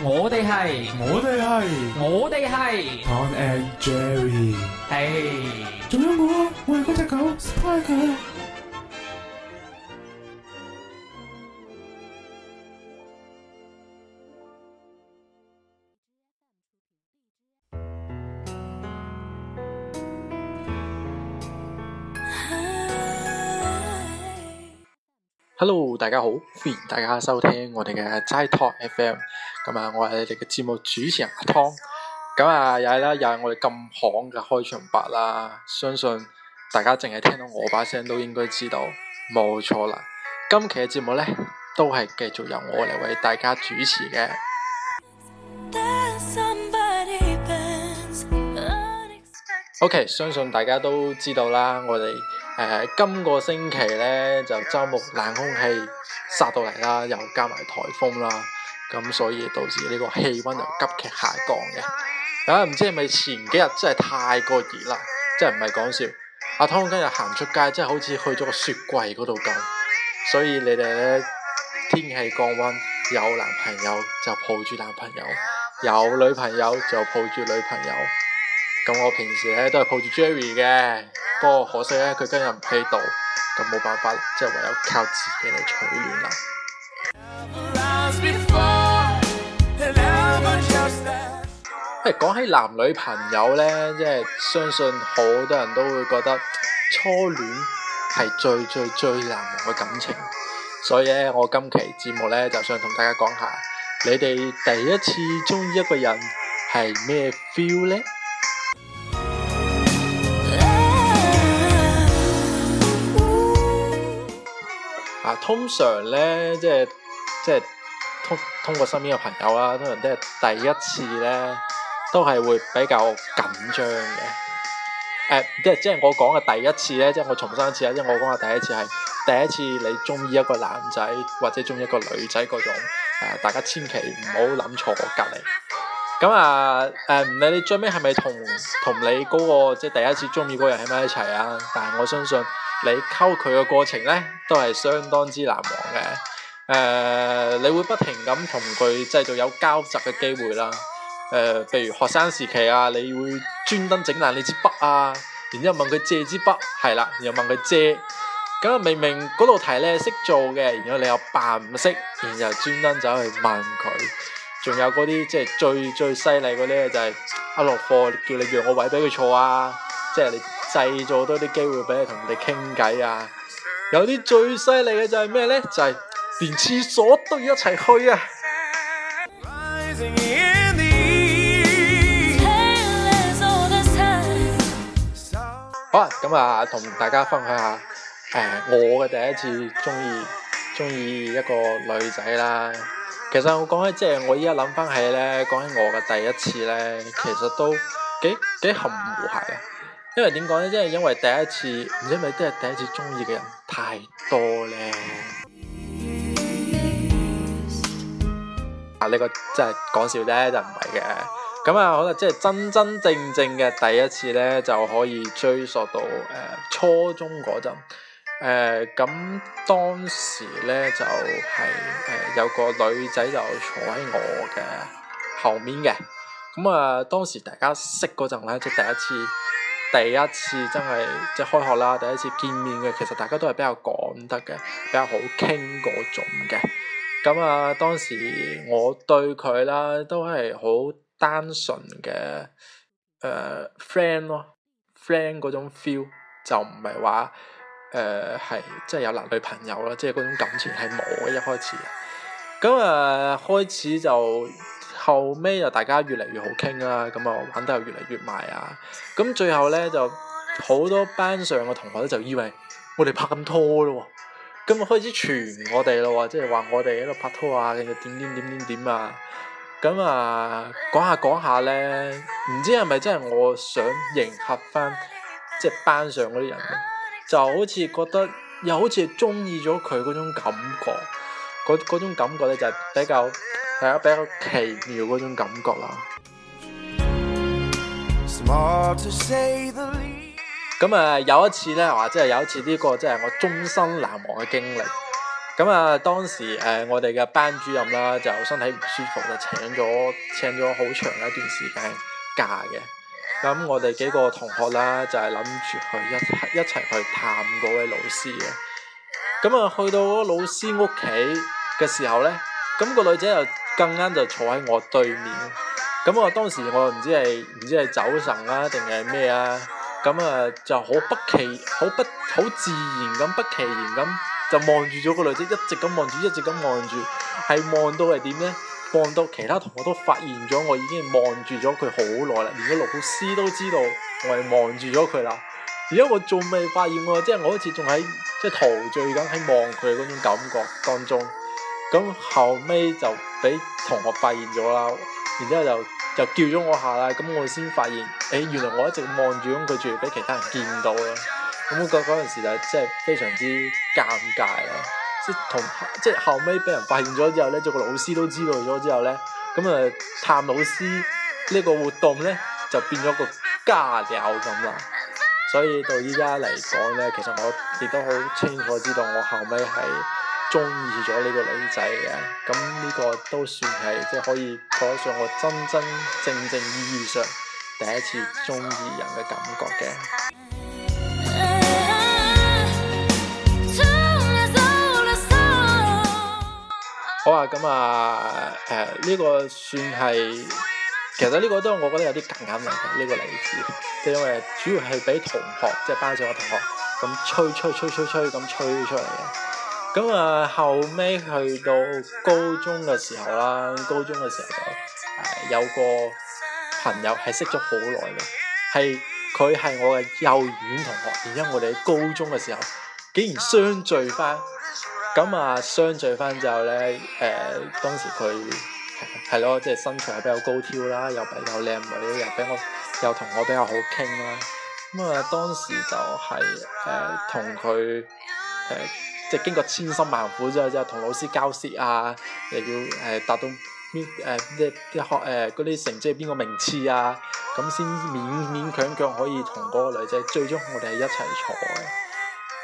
我哋係，我哋係，我哋係。Tom and Jerry 係，仲有我，我係嗰隻狗，Spiker。Hello，大家好，歡迎大家收聽我哋嘅齋 Talk FM。咁啊，我係你哋嘅節目主持人阿 Tom，咁啊又係啦，又係我哋咁行嘅開場白啦。相信大家淨係聽到我把聲都應該知道，冇錯啦。今期嘅節目咧都係繼續由我嚟為大家主持嘅。 o、okay, K，相信大家都知道啦，我哋誒、呃、今個星期咧就周末冷空氣殺到嚟啦，又加埋台風啦。咁所以導致呢個氣温又急劇下降嘅，啊唔知係咪前幾日真係太過熱啦，真係唔係講笑。阿 Tom 今日行出街真係好似去咗個雪櫃嗰度咁，所以你哋呢，天氣降温，有男朋友就抱住男朋友，有女朋友就抱住女朋友。咁我平時呢都係抱住 Jerry 嘅，不過可惜呢，佢今日唔喺度，咁冇辦法，即係唯有靠自己嚟取暖啦。 講起男女朋友呢，即係相信好多人都會覺得初戀係最最最難忘嘅感情，所以呢，我今期節目呢就想同大家講下，你哋第一次鍾意一個人係咩 feel 呢？啊，通常呢，即係即係通通過身邊嘅朋友啦，通常都係第一次呢。都係會比較緊張嘅，誒，即係即係我講嘅第一次咧，即係我重申一次啊，即係我講嘅第一次係第一次你中意一個男仔或者中意一個女仔嗰種，誒，大家千祈唔好諗錯我隔離。咁啊，誒，唔理你最尾係咪同同你嗰個即係第一次中意嗰人喺埋一齊啊，但係我相信你溝佢嘅過程咧，都係相當之難忘嘅。誒，你會不停咁同佢製造有交集嘅機會啦。誒，譬、呃、如學生時期啊，你會專登整爛你支筆啊，然之後問佢借支筆，係啦，然後問佢借。咁啊明明嗰道題咧識做嘅，然後然明明然後你又扮唔識，然後後專登走去問佢。仲有嗰啲即係最最犀利嗰啲咧，就係一落課叫你讓個位俾佢坐啊，即係你製造多啲機會俾你同人哋傾偈啊。有啲最犀利嘅就係咩咧？就係、是、連廁所都要一齊去啊！好啊！咁啊，同大家分享下誒我嘅第一次鍾意鍾意一個女仔啦。其實我講起即係我而家諗翻起咧，講起我嘅第一次咧，其實都幾幾含糊下嘅。因為點講咧？即係因為第一次，唔知係咪都係第一次鍾意嘅人太多咧。啊！呢個即係講笑啫，就唔係嘅。咁啊，好啦，即係真真正正嘅第一次咧，就可以追溯到、呃、初中嗰陣。咁、呃、當時咧就係、是呃、有個女仔就坐喺我嘅後面嘅。咁啊、呃，當時大家識嗰陣咧，即係第一次，第一次真係即係開學啦，第一次見面嘅。其實大家都係比較講得嘅，比較好傾嗰種嘅。咁啊、呃，當時我對佢啦都係好單純嘅、呃、friend 咯，friend 嗰種 feel 就唔係話誒係即係有男女朋友啦，即係嗰種感情係冇嘅，一開始。咁啊、呃，開始就後尾就大家越嚟越好傾啦、啊，咁、嗯、啊，玩得又越嚟越埋啊。咁最後咧就好多班上嘅同學咧就以為我哋拍緊拖咯喎，咁啊，開始傳我哋咯喎，即係話我哋喺度拍拖啊，跟住點點點點點啊。咁啊，講下講下咧，唔知係咪真係我想迎合返，即係班上嗰啲人，就好似覺得又好似鍾意咗佢嗰種感覺，嗰嗰種感覺咧就係比較係啊比較奇妙嗰種感覺啦。咁啊， 有一次咧，話即係有一次呢個即係我終身難忘嘅經歷。咁啊，當時誒、呃、我哋嘅班主任啦、呃，就身體唔舒服，就請咗請咗好長嘅一段時間假嘅。咁我哋幾個同學啦、呃，就係諗住去一一齊去探嗰位老師嘅。咁啊，去到老師屋企嘅時候咧，咁、嗰個女仔就更啱就坐喺我對面。咁我當時我唔知係唔知係走神啦，定係咩啊？咁啊，啊，就好不其好不好自然咁不其然咁。就望住咗個女仔，一直咁望住，一直咁望住，係望到係點咧？望到其他同學都發現咗，我已經望住咗佢好耐啦，連個老師都知道我係望住咗佢啦。而家我仲未發現喎，即係我好似仲喺即係陶醉緊喺望佢嗰種感覺當中。咁後尾就俾同學發現咗啦，然之後就就叫咗我下啦，咁我先發現，誒原來我一直望住咁佢住，俾其他人見到啦。咁我覺嗰陣時就真係非常之尷尬咯，即係同即係後尾俾人發現咗之後咧，做個個老師都知道咗之後咧，咁啊探老師呢個活動咧就變咗個交友咁啦。所以到依家嚟講咧，其實我亦都好清楚知道我後尾係中意咗呢個女仔嘅。咁呢個都算係即係可以講上我真真正正意義上第一次中意人嘅感覺嘅。好啊，咁啊，誒、呃、呢、這個算係，其實呢個都係我覺得有啲尷尬嘅呢個例子，即係因為主要係俾同學，即、就、係、是、班上嘅同學咁吹吹吹吹吹咁吹，吹出嚟嘅。咁啊，後尾去到高中嘅時候啦，高中嘅時候就、呃、有個朋友係識咗好耐嘅，係佢係我嘅幼兒園同學，原因我哋喺高中嘅時候竟然相聚翻。咁啊，相聚翻之後咧，誒、呃、當時佢係咯，即係、就是、身材係比較高挑啦，又比較靚女，又俾我又同我比較好傾啦。咁啊，當時就係誒同佢誒即係經過千辛萬苦之後，之後同老師交涉啊，又要誒達到邊誒即啲學誒嗰啲成績係邊個名次啊，咁先勉勉強強可以同嗰個女仔，最終我哋係一齊坐嘅。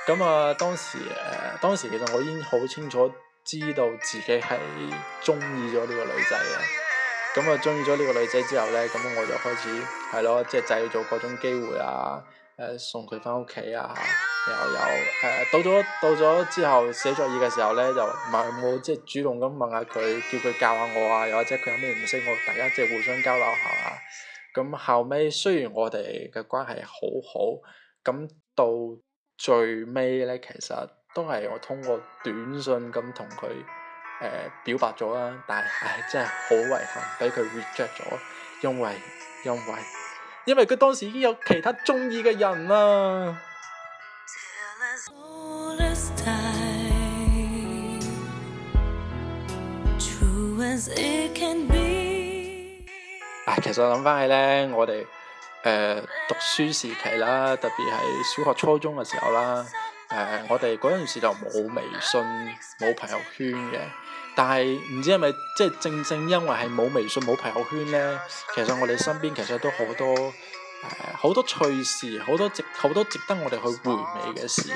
咁啊，當時誒，當時其實我已經好清楚知道自己係中意咗呢個女仔嘅。咁啊，中意咗呢個女仔之後咧，咁我就開始係咯，即係製造各種機會啊，送佢返屋企啊，又有誒、啊、到咗到咗之後寫作業嘅時候咧，就唔係冇即係主動咁問下佢，叫佢教下我啊，又或者佢有咩唔識，我大家即係互相交流下啊。咁後尾，雖然我哋嘅關係好好，咁到。最尾呢，其實都係我通過短信咁同佢誒表白咗啦，但係唉，真係好遺憾，畀佢 reject 咗，因為因為因為佢當時已經有其他鍾意嘅人啦。唉，其實諗返起呢，我哋。誒、呃、讀書時期啦，特別係小學、初中嘅時候啦。誒、呃，我哋嗰陣時就冇微信、冇朋友圈嘅，但係唔知係咪即係正正因為係冇微信、冇朋友圈咧，其實我哋身邊其實都好多誒、呃、好多趣事，好多值好多值得我哋去回味嘅事。誒、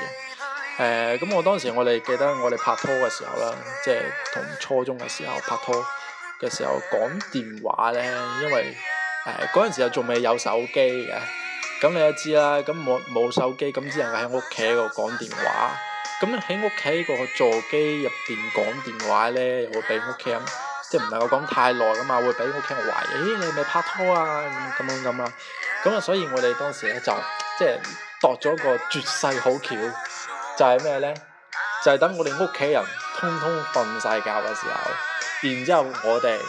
呃，咁我當時我哋記得我哋拍拖嘅時候啦，即係同初中嘅時候拍拖嘅時候講電話咧，因為。誒嗰陣時又仲未有手機嘅，咁你都知啦。咁冇冇手機，咁只能夠喺屋企嗰度講電話。咁喺屋企個座機入邊講電話咧，又會畀屋企人，即係唔能夠講太耐噶嘛，會畀屋企人懷疑、欸、你係咪拍拖啊？咁樣咁啊。咁啊，所以我哋當時咧就即係度咗個絕世好橋，就係咩咧？就係、是、等我哋屋企人通通瞓晒覺嘅時候，然之後我哋。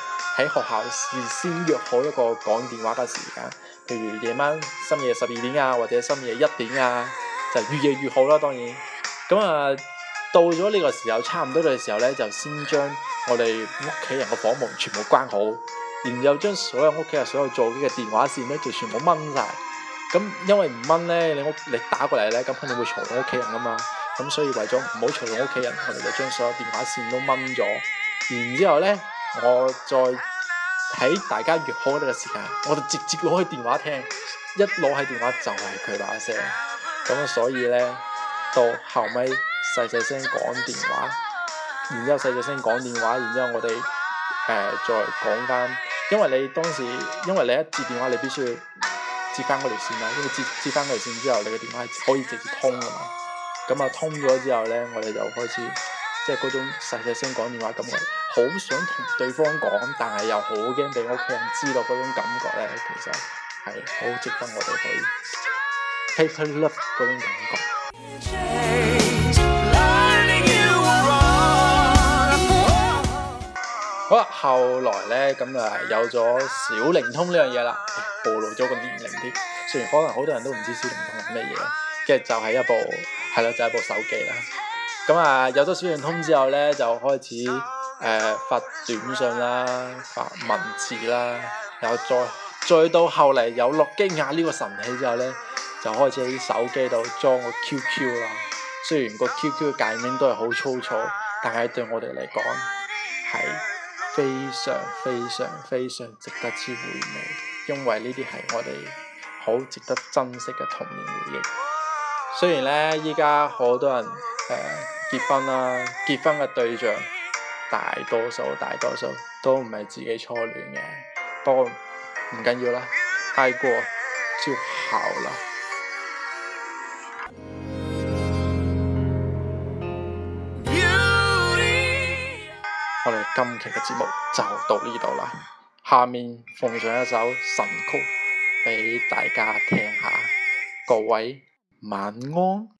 喺學校事先約好一個講電話嘅時間，譬如夜晚深夜十二點啊，或者深夜一點啊，就越夜越好啦。當然，咁啊到咗呢個時候，差唔多嘅時候咧，就先將我哋屋企人嘅房門全部關好，然之後將所有屋企人所有座機嘅電話線咧，就全部掹晒。咁因為唔掹咧，你屋你打過嚟咧，咁肯定會嘈到屋企人噶嘛。咁所以為咗唔好嘈到屋企人，我哋就將所有電話線都掹咗。然之後咧，我再。喺大家約好呢個時間，我哋直接攞起電話聽，一攞起電話就係佢把聲，咁所以呢，到後尾細細聲講電話，然之後細細聲講電話，然之後我哋、呃、再講返，因為你當時因為你一接電話你必須要接返嗰條線啦，因為接接返嗰條線之後，你嘅電話係可以直接通㗎嘛，咁啊通咗之後呢，我哋就開始即係嗰種細細聲講電話咁嘅。好想同對方講，但係又好驚俾屋企人知道嗰種感覺咧，其實係好值得我哋去體會到嗰種感覺。啦、嗯、好後來咧，咁啊有咗小靈通呢樣嘢啦，暴露咗個年齡啲。雖然可能好多人都唔知小靈通係咩嘢，跟住就係一部係啦就係、是、一部手機啦。咁啊，有咗小靈通之後咧，就開始。誒、呃、發短信啦，發文字啦，然後再再到後來有諾基亞呢個神器之後咧，就開始喺手機度裝個 Q Q 啦。雖然個 Q Q 嘅界面都係好粗糙，但係對我哋嚟講係非常非常非常值得之回味，因為呢啲係我哋好值得珍惜嘅童年回憶。雖然咧，而家好多人誒、呃、結婚啦，結婚嘅對象。大多數大多數都唔係自己初戀嘅，不過唔緊要啦，愛過就好啦。 我哋今期嘅節目就到呢度啦，下面奉上一首神曲畀大家聽下，各位晚安。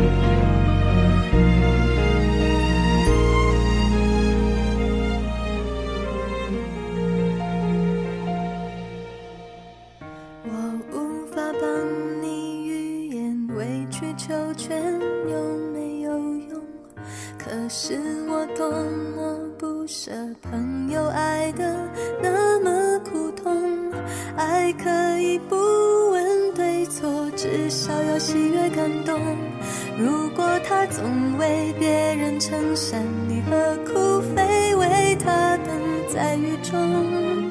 說他總為別人撐傘，你何苦非為他等在雨中？